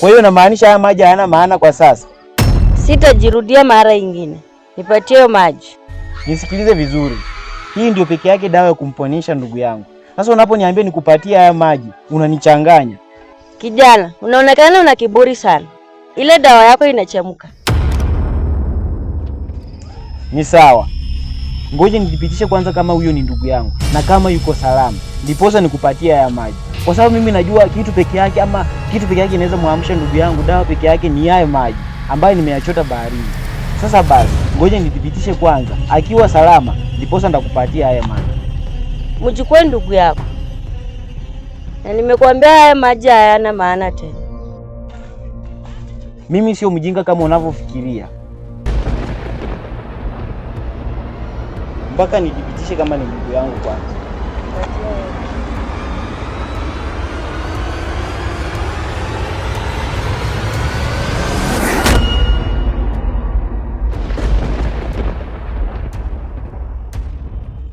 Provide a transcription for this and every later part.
Kwa hiyo namaanisha haya maji hayana maana kwa sasa. Sitajirudia mara nyingine, nipatie maji. Nisikilize vizuri, hii ndio peke yake dawa ya kumponisha ndugu yangu. Sasa unaponiambia nikupatie haya maji unanichanganya. Kijana, unaonekana una kiburi sana, ile dawa yako inachemka. Ni sawa Ngoja nithibitishe kwanza kama huyo ni ndugu yangu na kama yuko salama, ndiposa nikupatia haya maji, kwa sababu mimi najua kitu peke yake ama kitu peke yake inaweza muamsha ndugu yangu. Dawa peke yake ni haya maji ambayo nimeyachota baharini. Sasa basi, ngoja nithibitishe kwanza akiwa salama, ndiposa ndakupatia haya maji. Mchukue ndugu yako, na nimekuambia haya maji hayana maana tena. Mimi sio mjinga kama unavyofikiria. mpaka nidhibitishe kama ni ndugu yangu kwanza.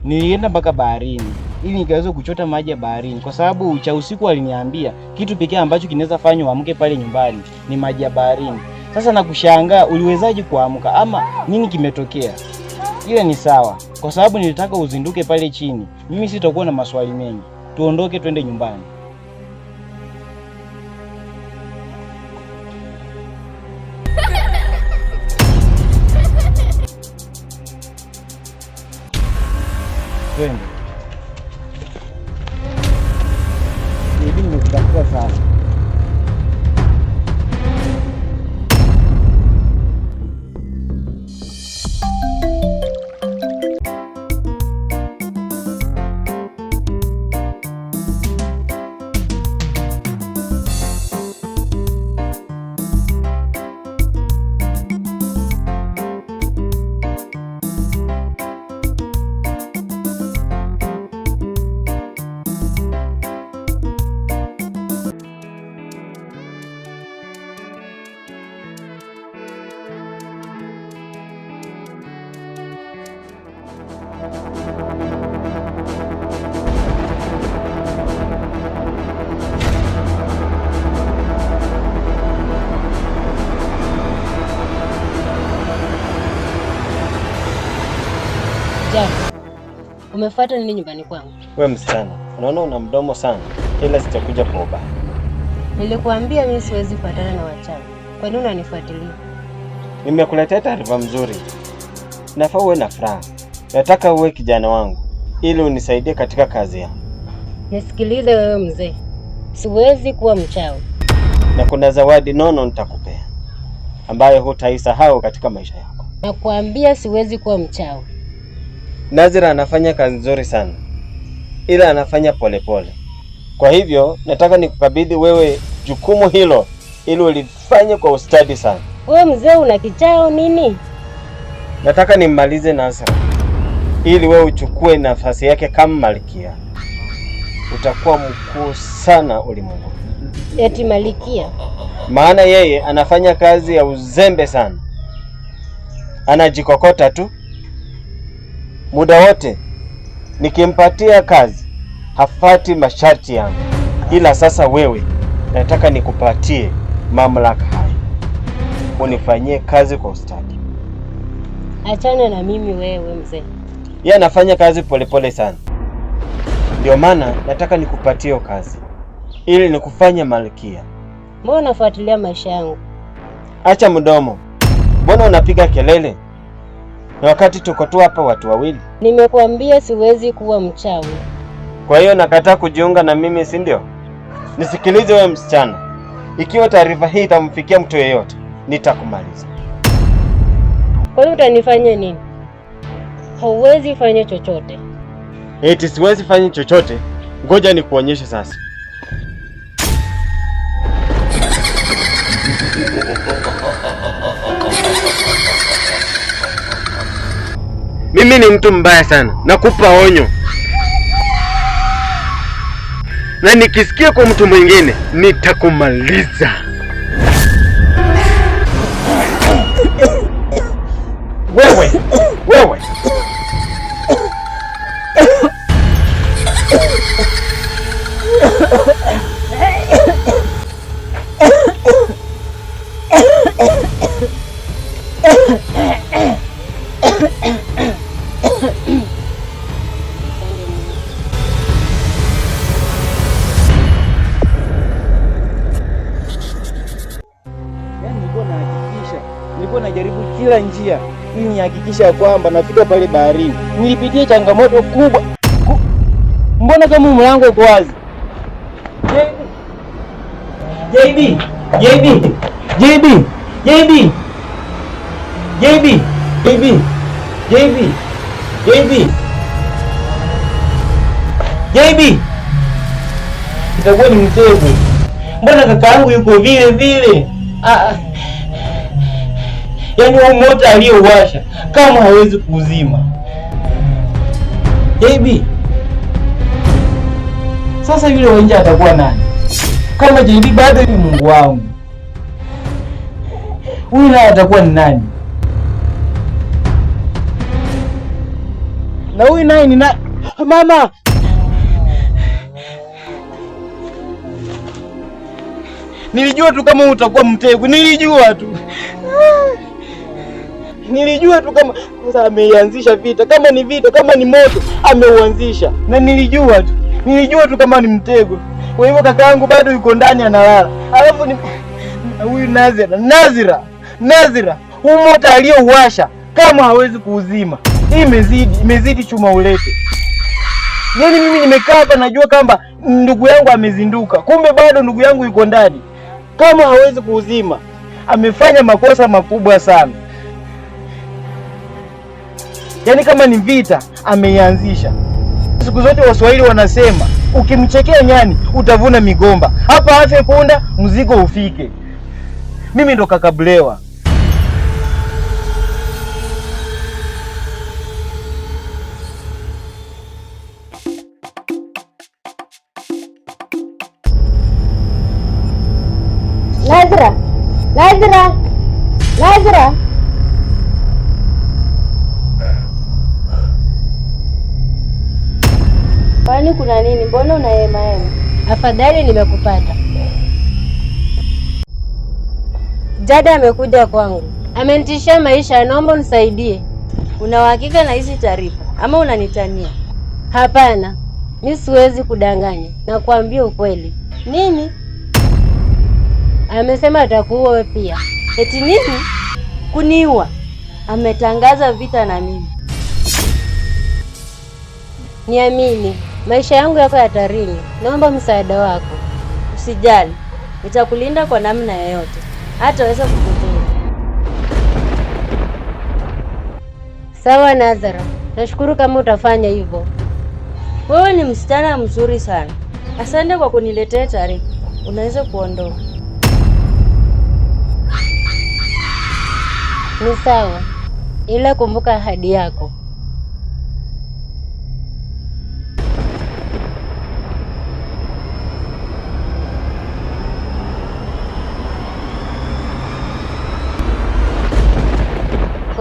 Nilienda mpaka baharini ili nikaweza kuchota maji ya baharini, kwa sababu cha usiku aliniambia kitu pekee ambacho kinaweza fanya uamke pale nyumbani ni maji ya baharini. Sasa na kushangaa, uliwezaje kuamka ama nini kimetokea? Ile ni sawa, kwa sababu nilitaka uzinduke pale chini. Mimi sitakuwa na maswali mengi, tuondoke twende nyumbani. twende. Nimekutafuta sana. Umefuata nini nyumbani kwangu? Wewe msichana, unaona una mdomo sana, ila sitakuja kwa ubaya. Nilikuambia mimi siwezi kufuatana na wachawi. Kwa nini unanifuatilia? Nimekuletea taarifa mzuri, nafaa uwe na furaha. Nataka uwe kijana wangu ili unisaidie katika kazi yangu. Nisikilize wewe mzee, siwezi kuwa mchawi, na kuna zawadi nono nitakupea ambayo hutaisahau katika maisha yako. Nakwambia siwezi kuwa mchawi. Nazira anafanya kazi nzuri sana, ila anafanya polepole pole. Kwa hivyo nataka nikukabidhi wewe jukumu hilo ili ulifanye kwa ustadi sana. Wewe mzee, una kichao nini? Nataka nimmalize Nazira ili wewe uchukue nafasi yake kama malkia, utakuwa mkuu sana ulimwengu. Eti malkia? Maana yeye anafanya kazi ya uzembe sana, anajikokota tu muda wote. Nikimpatia kazi hafati masharti yangu, ila sasa wewe nataka nikupatie mamlaka haya, unifanyie kazi kwa ustadi. Achana na mimi wewe mzee yeye anafanya kazi polepole sana, ndio maana nataka nikupatie kazi ili nikufanye malkia. Mbona unafuatilia maisha yangu? Acha mdomo, mbona unapiga kelele na wakati tuko tu hapa watu wawili? Nimekuambia siwezi kuwa mchawi. Kwa hiyo nakataa kujiunga na mimi, si ndio? Nisikilize wewe msichana, ikiwa taarifa hii itamfikia mtu yeyote, nitakumaliza. Kwa hiyo utanifanya nini? hauwezi fanya chochote. Eti siwezi fanya chochote? Ngoja nikuonyeshe sasa. Mimi ni mtu mbaya sana, nakupa onyo. Na nikisikia kwa mtu mwingine nitakumaliza. Wewe kila njia ili nihakikisha kwamba nafika pale baharini. Nilipitia changamoto kubwa. Mbona kama mlango uko wazi? JB, JB, JB, JB, JB, JB, JB, JB, JB, itakuwa ni mtego. Mbona yangu yuko vile vile? Ah, ah. Yaani huu moto aliyowasha kama hawezi kuuzima. ebi sasa yule wa atakuwa nani kama JD bado ni Mungu wangu? Huyu naye atakuwa ni nani? Na huyu naye ni nani? Mama nilijua tu kama utakuwa mtego, nilijua tu Nilijua tu kama sasa ameianzisha vita, kama ni vita, kama ni moto ameuanzisha, na nilijua tu, nilijua tu kama ni mtego. Kwa hivyo kaka yangu bado yuko ndani analala, alafu ni huyu Nazira, Nazira, Nazira, huu moto aliyouwasha kama hawezi kuuzima. Hii imezidi, imezidi chuma ulete. Yaani mimi nimekaa hapa najua kwamba ndugu yangu amezinduka, kumbe bado ndugu yangu yuko ndani. Kama hawezi kuuzima, amefanya makosa makubwa sana. Yaani kama ni vita ameianzisha. Siku zote Waswahili wanasema ukimchekea nyani utavuna migomba. Hapa afe punda, mzigo ufike. Mimi ndo Kaka Kwani kuna nini? Mbona una hema hema? Afadhali nimekupata. Dada amekuja kwangu, amenitishia maisha, naomba nisaidie. Una uhakika na hizi taarifa ama unanitania? Hapana, mi siwezi kudanganya, nakwambia ukweli. Nini amesema? Atakuua wewe pia. Eti nini? Kuniua? Ametangaza vita na mimi. Niamini. Maisha yangu yako hatarini, naomba msaada wako. Usijali, nitakulinda kwa namna yoyote, hataweza kukudhuru. Sawa Nazara, nashukuru kama utafanya hivyo. Wewe ni msichana mzuri sana, asante kwa kuniletea taarifa. Unaweza kuondoka. Ni sawa, ila kumbuka ahadi yako.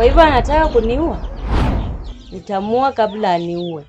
Kwa hivyo anataka kuniua? nitamua kabla aniue.